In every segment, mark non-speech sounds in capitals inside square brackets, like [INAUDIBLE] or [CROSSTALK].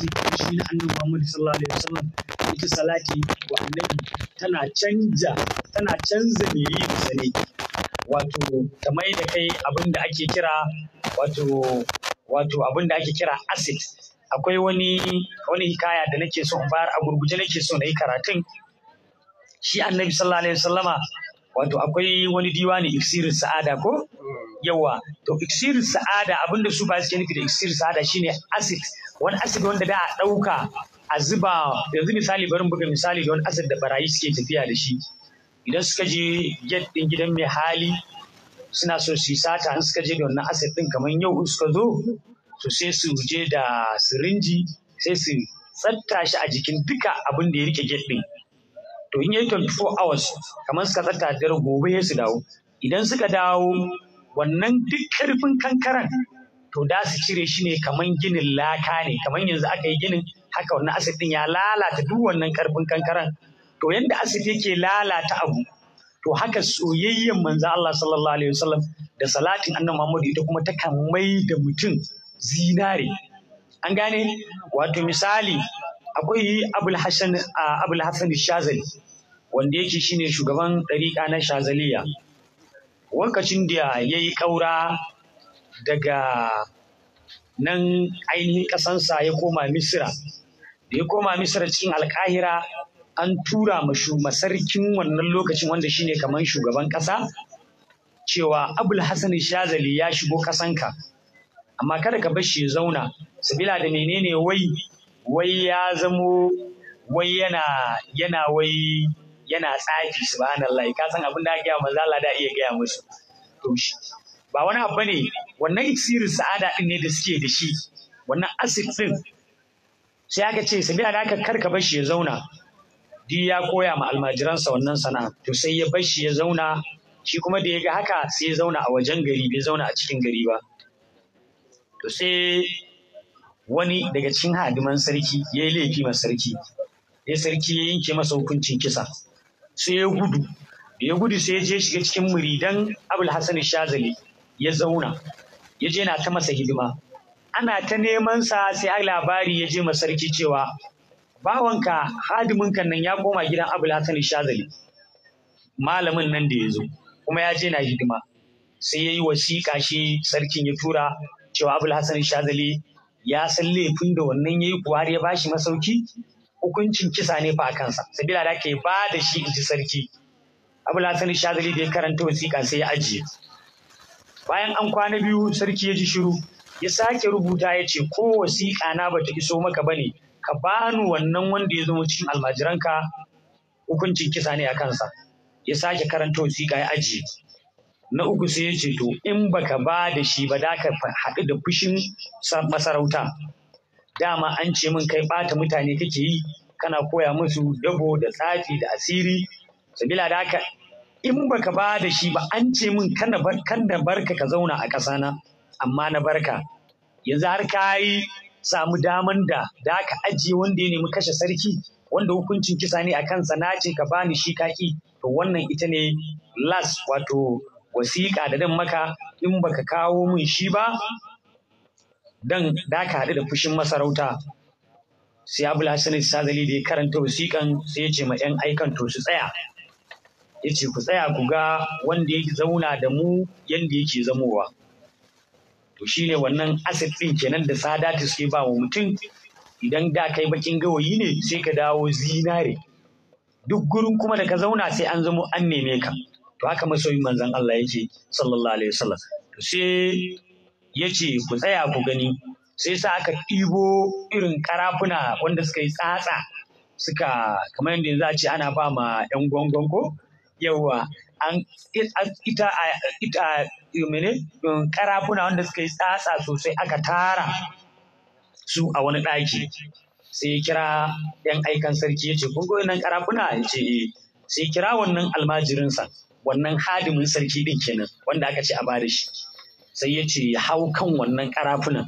zikiri na annabi Muhammad sallallahu alaihi wasallam ita salati wa annabi tana canja tana canza me wato ta mai da kai abin da ake kira wato wato abin da ake kira acid akwai wani wani hikaya da nake so in bayar a gurguje nake so na yi karatun shi annabi sallallahu alaihi wasallama wato akwai wani diwani ifsirin sa'ada ko yawa to Iksir sa'ada abinda su ba su nufi da Iksir sa'ada shine acid wani acid wanda da a ɗauka a zuba yanzu misali barin buga misali da wani acid da barayi suke tafiya da shi idan suka je get ɗin gidan mai hali suna so su sata in suka je da wannan acid din kamar yau in suka zo to sai su je da sirinji sai su tsatta shi a jikin duka abin da ya rike get ɗin to in yayi 24 hours kamar suka tsatta dare gobe ya su dawo idan suka dawo wannan duk karfin kankaran to da su cire shi ne kaman ginin laka ne kaman yanzu aka yi ginin haka wannan asid din ya lalata duk wannan karfin kankaran to yanda asid yake lalata abu to haka soyayyen manzo Allah sallallahu alaihi wasallam da salatin annabi Muhammad ita kuma ta kan mai da mutum zinare an gane wato misali akwai Abul Hasan Abul Hasan Shazali wanda yake shine shugaban dariƙa na Shazaliya lokacin da ya yi ƙaura daga nan ainihin ƙasansa ya koma misira da ya koma misira cikin alkahira an tura mashu masarkin wannan lokacin wanda shine kamar shugaban ƙasa cewa abul hassan shazali ya shigo ƙasanka amma kada ka bar shi ya zauna sabila da menene wai wai ya zamo wai yana wai yana tsafi subhanallah ka san abin da ake manzo Allah da iya gaya musu to shi ba wani abu ne wannan iksirin sa'ada din ne da suke da shi wannan asif din sai aka ce sabila da aka karka bar shi ya zauna di ya koya ma almajiransa wannan sana'a to sai ya bar shi ya zauna shi kuma da ya ga haka sai ya zauna a wajen gari bai zauna a cikin gari ba to sai wani daga cikin hadiman sarki ya yi laifi ma sarki ya sarki ya yanke masa hukuncin kisa sai ya gudu ya gudu sai ya je shiga cikin muridan abul hasan shazali ya zauna ya je na ta masa hidima ana ta neman sa sai a labari ya je ma sarki cewa bawanka hadiminka nan ya koma gidan abul hasan shazali malamin nan da ya zo kuma ya je na hidima sai ya yi wasiƙa shi sarkin ya tura cewa abul hasan shazali ya san laifin da wannan ya yi har ya bashi masauki hukuncin kisa ne fa kansa sabila da ke ba da shi in ji sarki abul shazali da ya karanta wasiƙa sai ya ajiye bayan an kwana biyu sarki ya ji shiru ya sake rubuta ya ce ko wasiƙa na bata iso maka ba ne. ka bani wannan wanda ya zama cikin almajiranka hukuncin kisa ne a kansa ya sake karanta wasiƙa ya ajiye na uku sai ya ce to in baka ba da shi ba da ka haɗu da fushin masarauta dama an ce min kai ɓata mutane kake yi kana koya musu dabo da tsafi da asiri sabila da haka in baka ba da shi ba an ce min kana barka ka zauna a ƙasa na amma na barka yanzu har ka yi samu daman da da aka ajiye wanda ya nemi kashe sarki wanda hukuncin kisa ne a kansa na ce ka bani shi kaki to wannan ita ne las wato wasiƙa da dan maka in baka kawo min shi ba dan da ka haɗu da fushin masarauta sai abul hasan da ya karanta wasikan, sai ya ce ma yan aikan to su tsaya ya ce ku tsaya ku ga wanda ya zauna da mu yanda yake zamowa to shi ne wannan asset ɗin kenan da sadata suke ba wa mutum idan da kai bakin gawayi ne sai ka dawo zinare duk gurin kuma da ka zauna sai an zamo an neme ka to haka masoyin manzon Allah yake sallallahu alaihi wasallam to sai ya ce ku tsaya ku gani sai sa aka ɗibo irin karafuna wanda suka yi tsatsa suka kamar yadda za a ce ana ba ma 'yan gwangon ko yawa an ita ita mene karafuna wanda suka yi tsatsa sosai aka tara su a wani ɗaki sai kira 'yan aikan sarki ya ce kun goyi nan karafuna ya ce eh. sai kira wannan almajirinsa wannan hadimin sarki din kenan wanda aka ce a bada shi sai ya ce ya hau kan wannan karafunan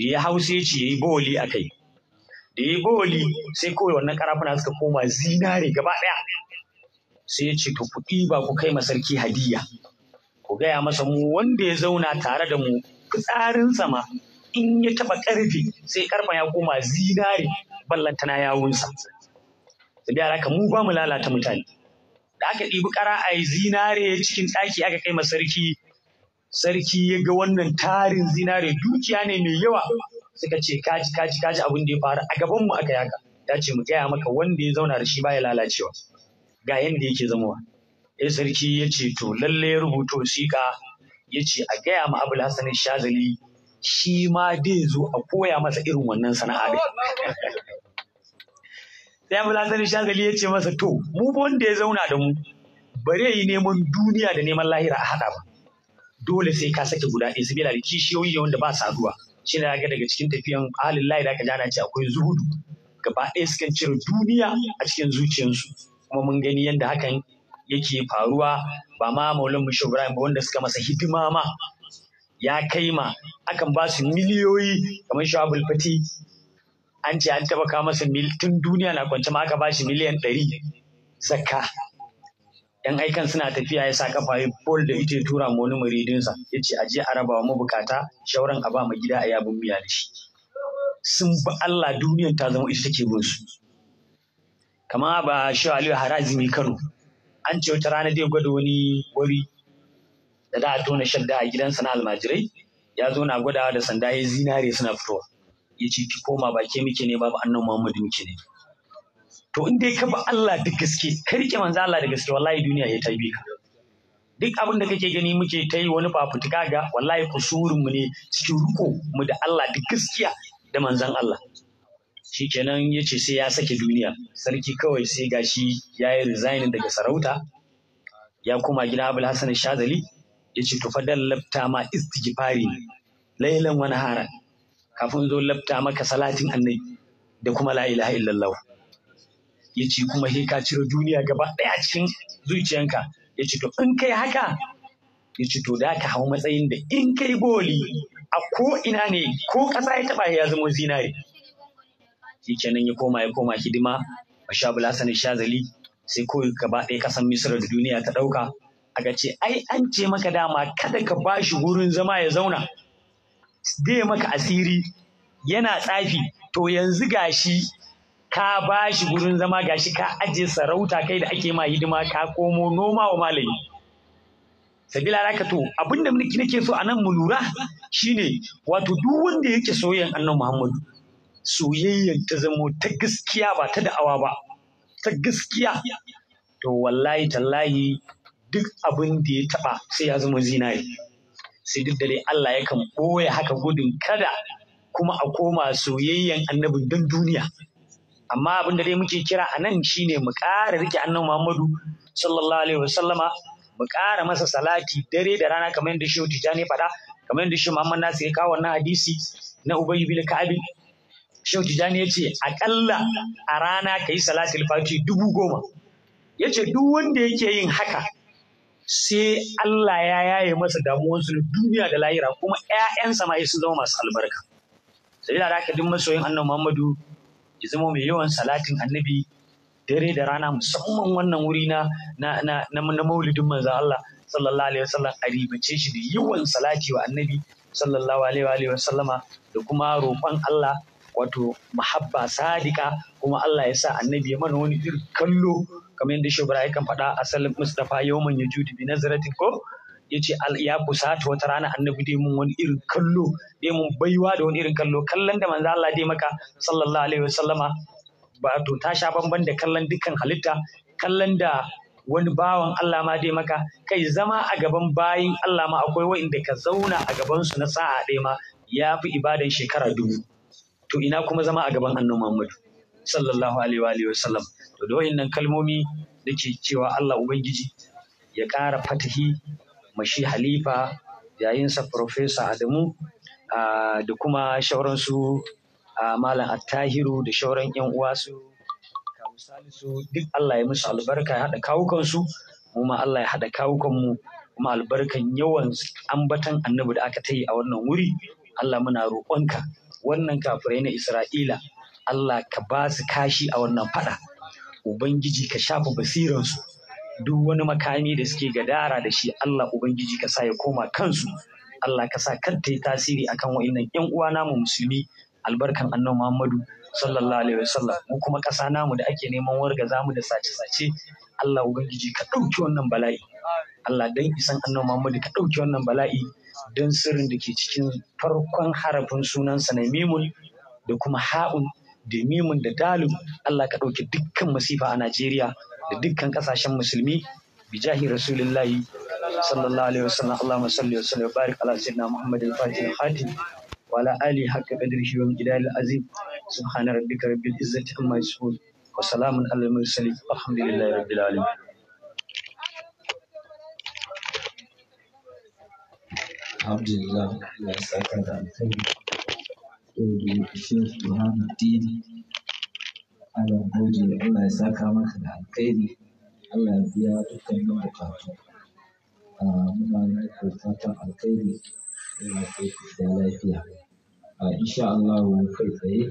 da ya hau sai ce ya yi boli a kai da ya yi boli sai kawai wannan karafuna suka koma zinare gaba ɗaya sai ya ce to ku ba ku kai sarki hadiya ku gaya masa mu wanda ya zauna tare da mu tsarin sama in ya taɓa ƙarfi sai ƙarfa ya koma zinare ballantana yawunsa da yara ka mu ba mu lalata mutane da aka ɗibi ƙara a yi zinare cikin ɗaki aka kai masarki sarki ya ga wannan tarin zinare dukiya ne mai yawa suka ce kaji kaji kaji abin da ya faru a gaban mu aka yaka ya ce mu gaya maka wanda ya zauna da shi baya lalacewa ga yanda yake zamowa ya sarki ya ce to lalle ya rubuta ka, ya ce a gaya ma abul hasan shazali shi ma dai zo a koya masa irin wannan sana'a da [LAUGHS] sai abul hasan shazali ya ce masa to mu wanda ya zauna da mu bare yi neman duniya da neman lahira a haɗa ba dole sai ka sake guda ɗaya sabila da kishiyoyi ne wanda ba saduwa shi ne ga daga cikin tafiyan halin layi da aka jana ce akwai zuhudu gaba ɗaya sukan cire duniya a cikin zuciyarsu kuma mun gani yadda hakan yake faruwa ba ma maulan mushi ibrahim ba wanda suka masa hidima ma ya kai ma akan ba su miliyoyi kamar shu'abul fati an ce an taba kawo masa mil tun duniya na kwance ma aka ba shi miliyan ɗari zakka yan aikan suna tafiya ya sa kafa ya bol da ita ya tura ma wani muridinsa ya ce aje a rabawa mabukata shauran a ba mu gida a yabin miya da shi sun ba Allah duniyar ta zama ita take bin su kama ba shi Aliyu mai Kano an ce wata rana zai gwada wani wuri da da a tona shadda a gidansa na almajirai ya zo na gwadawa da sanda ya zinare suna fitowa ya ce ki koma ba ke muke ne ba ba annan Muhammadu muke ne to in dai ka bi Allah da gaske ka rike manzo Allah da gaske wallahi duniya ya taibe ka duk abin da kake gani muke ta yi wani fafutuka ga wallahi kusurin mu ne cikin riko mu da Allah da gaskiya da manzon Allah shikenan yace sai ya sake duniya sarki kawai sai gashi yayi resign daga sarauta ya kuma gida Abul Hassan Shazali yace to fa lafta ma istighfari lailan wani haran kafin zo lafta maka salatin annabi da kuma la ilaha illallah ya ce kuma he ka cire duniya gaba ɗaya a cikin zuciyanka ya ce to in kai haka ya ce to da ka hau matsayin da in kai goli a ko ina ne ko ƙasa ya taɓa ya zama zinare shi kenan ya koma ya koma hidima a masha sha zali sai ko gaba ɗaya ƙasan misira da duniya ta ɗauka aka ce ai an ce maka dama kada ka bashi shi wurin zama ya zauna dai maka asiri yana tsafi to yanzu gashi ka ba shi gurin zama gashi ka aje sarauta kai da ake ma hidima ka komo noma wa malami sabila haka to abinda nake so anan mu lura shine wato duk wanda yake soyayya annabi Muhammadu Soyayyen ta zamo ta gaskiya ba ta da'awa ba ta gaskiya to wallahi tallahi duk abin da ya taba sai ya zama zinari sai duk dare Allah yakan ɓoye haka gudun kada kuma a koma soyayyan annabin don duniya amma abin da dai muke kira a nan shine mu ƙara rike annan Muhammadu sallallahu alaihi wasallama mu ƙara masa salati dare da rana kamar yadda Shehu jani faɗa kamar yadda shi Muhammad na ya kawo wannan hadisi na Ubay bin Ka'ab Shehu jani ya ce aƙalla a rana ka yi salatul fati dubu goma ya ce duk wanda yake yin haka sai Allah ya yaye masa damuwarsu na duniya da lahira kuma ‘ya'yansa ma sun zama masu albarka. Sai da haka duk masoyin annan Muhammadu ya zama mai yawan salatin annabi dare da rana musamman wannan wuri na na na maulidin manzon Allah sallallahu alaihi wasallam a ribace shi da yawan salati wa annabi sallallahu alaihi wa da kuma roƙon Allah wato mahabba sadika kuma Allah ya sa annabi ya mana wani irin kallo kamar yadda shubra kan faɗa a salin mustafa yawman yajudu bi nazaratin ko ya ce ya fusata wata rana annabi dai mun wani irin kallo dai mun baiwa da wani irin kallo kallon da manzo Allah dai maka sallallahu alaihi wasallama ba to ta sha bamban da kallon dukkan halitta kallon da wani bawan Allah ma dai maka kai zama a gaban bayin Allah ma akwai wa'inda ka zauna a gaban su na sa'a ɗaya ma ya fi ibadan shekara dubu to ina kuma zama a gaban annabi Muhammad sallallahu alaihi wa sallam to da wa'innan kalmomi da cewa Allah ubangiji ya ƙara fatahi mashi halifa yayinsa profesa adamu da kuma shauransu malam attahiru da shauran yan uwa ga misali su duk Allah ya musu albarka ya haɗa kawukansu mu ma Allah ya haɗa kawukanmu kuma albarkan yawan ambatan annabi da aka ta yi a wannan wuri Allah muna roƙonka wannan kafirai na Isra'ila Allah ka ba su kashi a wannan faɗa Ubangiji ka shafa basiransu duk wani makami da suke gadara da shi Allah ubangiji ka sa ya koma kansu Allah ka sa kar ta yi tasiri akan wa'annan ƴan uwa namu musulmi albarkan annabi Muhammadu sallallahu alaihi wasallam mu kuma ƙasa namu da ake neman warga zamu da sace-sace Allah ubangiji ka ɗauki wannan bala'i Allah dan isan annabi Muhammadu ka ɗauki wannan bala'i don sirrin da ke cikin farkon harafin sunansa na mimul da kuma ha'un da mimun da dalil Allah ka ɗauki dukkan masifa a Najeriya da dukkan kasashen musulmi bijahi rasulillahi sallallahu alaihi wasallam Allahumma salli wa wa barik ala sayyidina Muhammadin fatih al-khatim wa ala alihi haqqa qadrihi wa miqdaril azim subhana rabbika rabbil izzati amma yasifun wa salamun mursalin alhamdulillahi rabbil alamin ya saka da alkhairi. Yau da yau, Shehu dini. Malam gode Allah ya saka maka da alkhairi. Allah ya biya dukkanin bukatu. Ah, muna yi fatan alkhairi. Allah ya da lafiya. Ah, insha Allah kai tsaye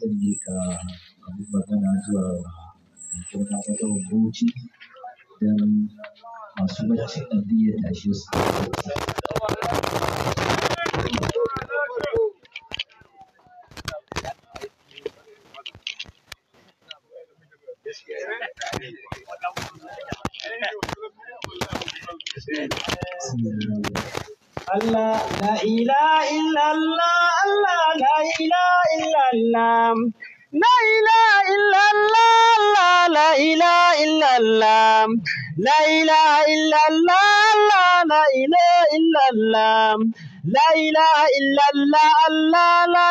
zan yi ka abin magana zuwa gona na yawan bauchi don masu bacci ɗan ya tashe su. La ilaha illallah Allah la ilaha illallah La ilaha illallah Allah la ilaha illallah La ilaha illallah Allah la ilaha illallah La ilaha illallah Allah la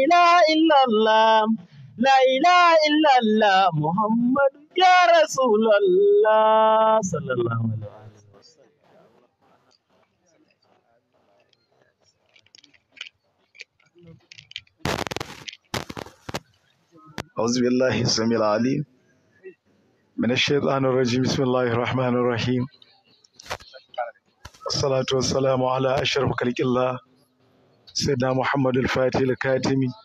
ilaha illallah La ilaha illallah يا رسول الله صلى الله عليه وسلم أعوذ بالله السميع العليم من الشيطان الرجيم بسم الله الرحمن الرحيم والصلاة والسلام على أشرف خلق الله سيدنا محمد الفاتح الكاتمي